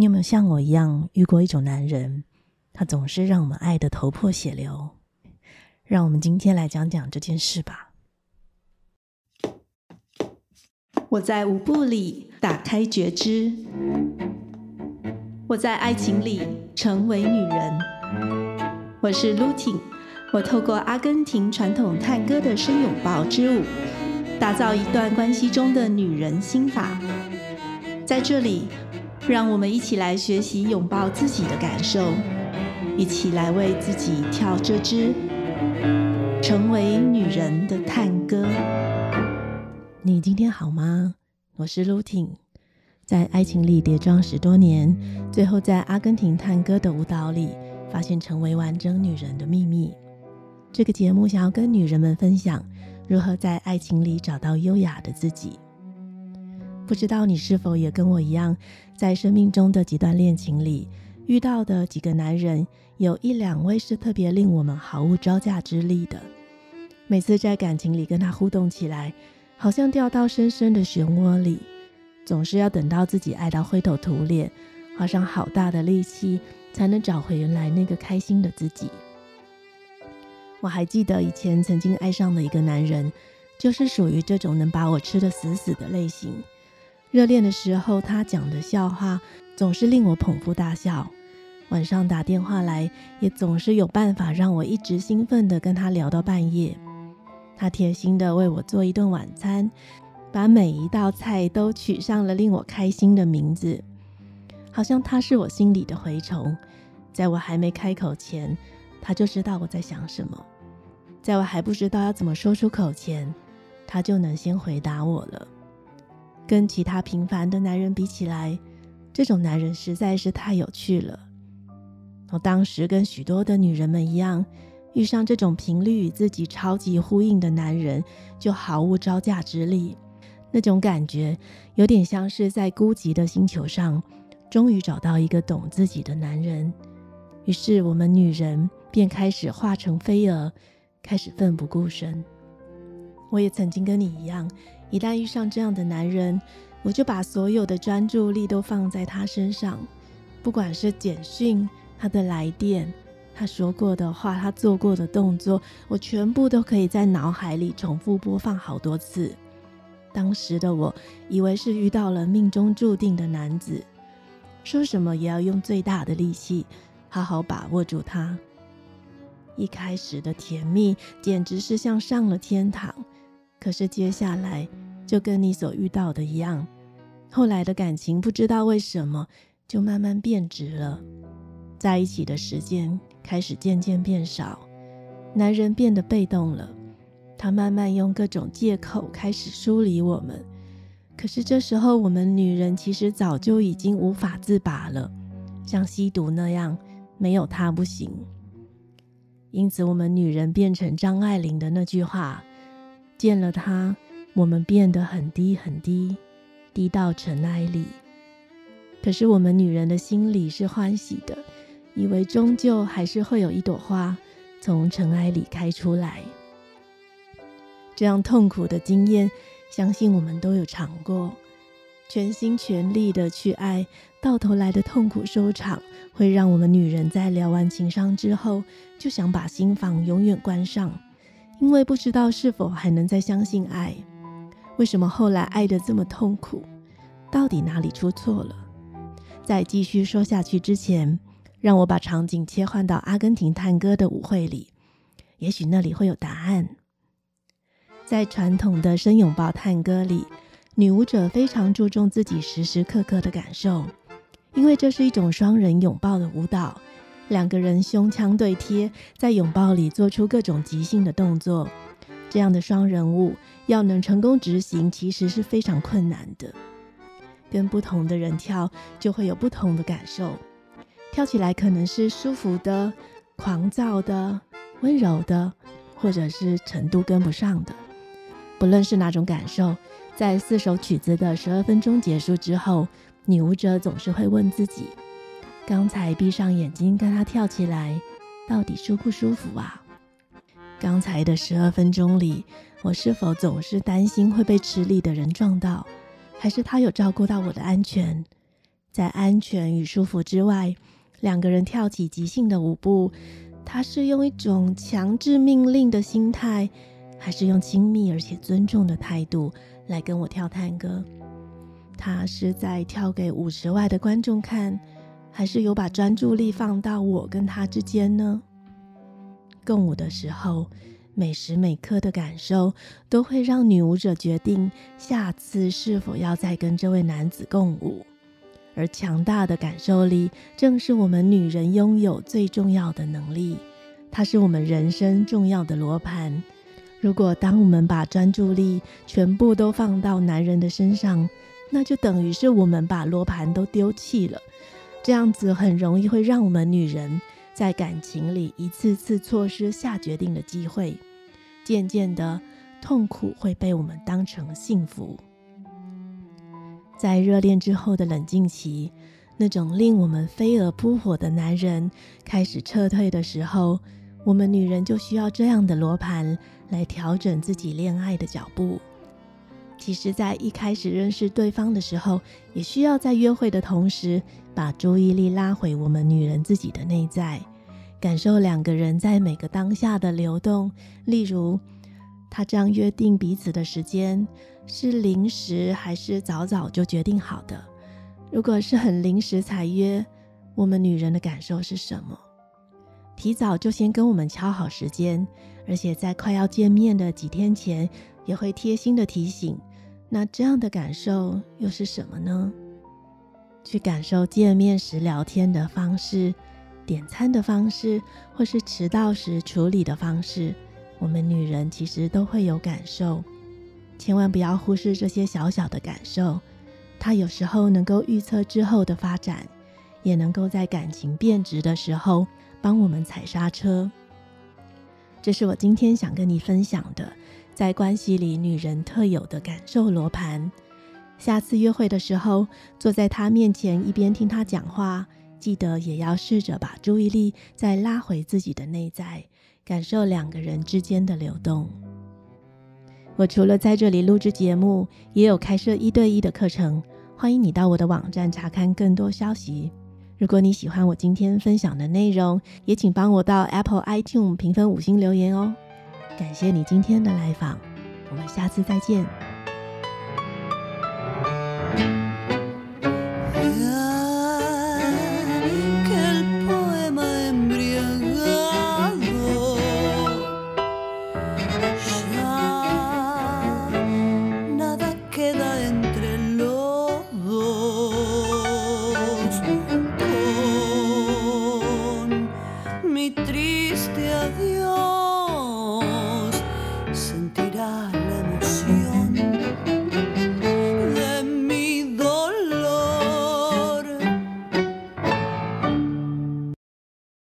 你有沒有像我一樣遇過一種男人，他總是讓我們愛得頭破血流？讓我們今天來講講這件事吧。我在舞步裡打開覺知，我在愛情裡成為女人。我是 Lutin，我透過阿根廷傳統探戈的“深擁抱之舞”，打造一段關係中的女人心法。在這裡。讓我們一起來學習擁抱自己的感受，一起來為自己跳這支成為女人的探戈。你今天好嗎？我是露婷，在愛情裡跌撞十多年，最後在阿根廷探戈的舞蹈裡，發現成為完整女人的秘密。這個節目想要跟女人們分享，如何在愛情裡找到優雅的自己。不知道你是否也跟我一樣，在生命中的幾段戀情裡遇到的幾個男人，有一兩位是特別令我們毫無招架之力的。每次在感情裡跟他互動起來，好像掉到深深的漩渦裡，總是要等到自己愛到灰頭土臉，花上好大的力氣才能找回原來那個開心的自己。我還記得以前曾經愛上的一個男人，就是屬於這種能把我吃得死死的類型。熱戀的時候，他講的笑話總是令我捧腹大笑。晚上打電話來，也總是有辦法讓我一直興奮地跟他聊到半夜。他貼心地為我做一頓晚餐，把每一道菜都取上了令我開心的名字，好像他是我心裡的蛔蟲。在我還沒開口前，他就知道我在想什麼；在我還不知道要怎麼說出口前，他就能先回答我了。跟其他平凡的男人比起來，這種男人實在是太有趣了。我當時跟許多的女人們一樣，遇上這種頻率與自己超級呼應的男人，就毫無招架之力。那種感覺有點像是在孤寂的星球上，終於找到一個懂自己的男人。於是我們女人便開始化成飛蛾，開始奮不顧身。我也曾經跟你一樣。一旦遇上這樣的男人，我就把所有的專注力都放在他身上，不管是簡訊、他的來電、他說過的話、他做過的動作，我全部都可以在腦海裡重複播放好多次。當時的我以為是遇到了命中注定的男子，說什麼也要用最大的力氣好好把握住他。一開始的甜蜜簡直是像上了天堂。可是接下來就跟你所遇到的一樣，後來的感情不知道為什麼就慢慢變質了，在一起的時間開始漸漸變少，男人變得被動了，他慢慢用各種借口開始疏離我們。可是這時候我們女人其實早就已經無法自拔了，像吸毒那樣，沒有他不行。因此我們女人變成張愛玲的那句話。見了他，我們變得很低很低，低到塵埃裡。可是我們女人的心裡是歡喜的，以為終究還是會有一朵花從塵埃裡開出來。這樣痛苦的經驗，相信我們都有嘗過。全心全力的去愛，到頭來的痛苦收場，會讓我們女人在療完情傷之後，就想把心房永遠關上。因為不知道是否還能再相信愛，為什麼後來愛得這麼痛苦？到底哪裡出錯了？在繼續說下去之前，讓我把場景切換到阿根廷探戈的舞會裡，也許那裡會有答案。在傳統的深擁抱探戈裡，女舞者非常注重自己時時刻刻的感受，因為這是一種雙人擁抱的舞蹈。兩個人胸腔對貼，在擁抱裡做出各種即興的動作。這樣的雙人舞要能成功執行，其實是非常困難的。跟不同的人跳，就會有不同的感受。跳起來可能是舒服的、狂躁的、溫柔的，或者是程度跟不上的。不論是哪種感受，在四首曲子的十二分鐘結束之後，女舞者總是會問自己。剛才閉上眼睛跟他跳起來，到底舒不舒服啊？剛才的十二分鐘裡，我是否總是擔心會被池裡的人撞到，還是他有照顧到我的安全？在安全與舒服之外，兩個人跳起即興的舞步，他是用一種強制命令的心態，還是用親密而且尊重的態度來跟我跳探戈？他是在跳給舞池外的觀眾看？還是有把專注力放到我跟他之間呢？共舞的時候，每時每刻的感受都會讓女舞者決定下次是否要再跟這位男子共舞。而強大的感受力，正是我們女人擁有最重要的能力，它是我們人生重要的羅盤。如果當我們把專注力全部都放到男人的身上，那就等於是我們把羅盤都丟棄了。這樣子很容易會讓我們女人在感情裡一次次錯失下決定的機會，漸漸的痛苦會被我們當成幸福。在熱戀之後的冷靜期，那種令我們飛蛾撲火的男人開始撤退的時候，我們女人就需要這樣的羅盤來調整自己戀愛的腳步。其實，在一開始認識對方的時候，也需要在約會的同時，把注意力拉回我們女人自己的內在，感受兩個人在每個當下的流動。例如，他這樣約定彼此的時間，是臨時還是早早就決定好的？如果是很臨時才約，我們女人的感受是什麼？提早就先跟我們敲好時間，而且在快要見面的幾天前，也會貼心的提醒。那這樣的感受又是什麼呢？去感受見面時聊天的方式、點餐的方式，或是遲到時處理的方式，我們女人其實都會有感受。千萬不要忽視這些小小的感受，它有時候能夠預測之後的發展，也能夠在感情變質的時候幫我們踩剎車。這是我今天想跟你分享的。在關係裡，女人特有的感受羅盤。下次約會的時候，坐在她面前，一邊聽她講話，記得也要試着把注意力再拉回自己的內在，感受兩個人之間的流動。我除了在這裡錄制節目，也有開設一對一的課程，歡迎你到我的網站查看更多消息。如果你喜歡我今天分享的內容，也請幫我到 Apple iTunes 評分五星留言哦。感謝你今天的來訪，我們下次再見。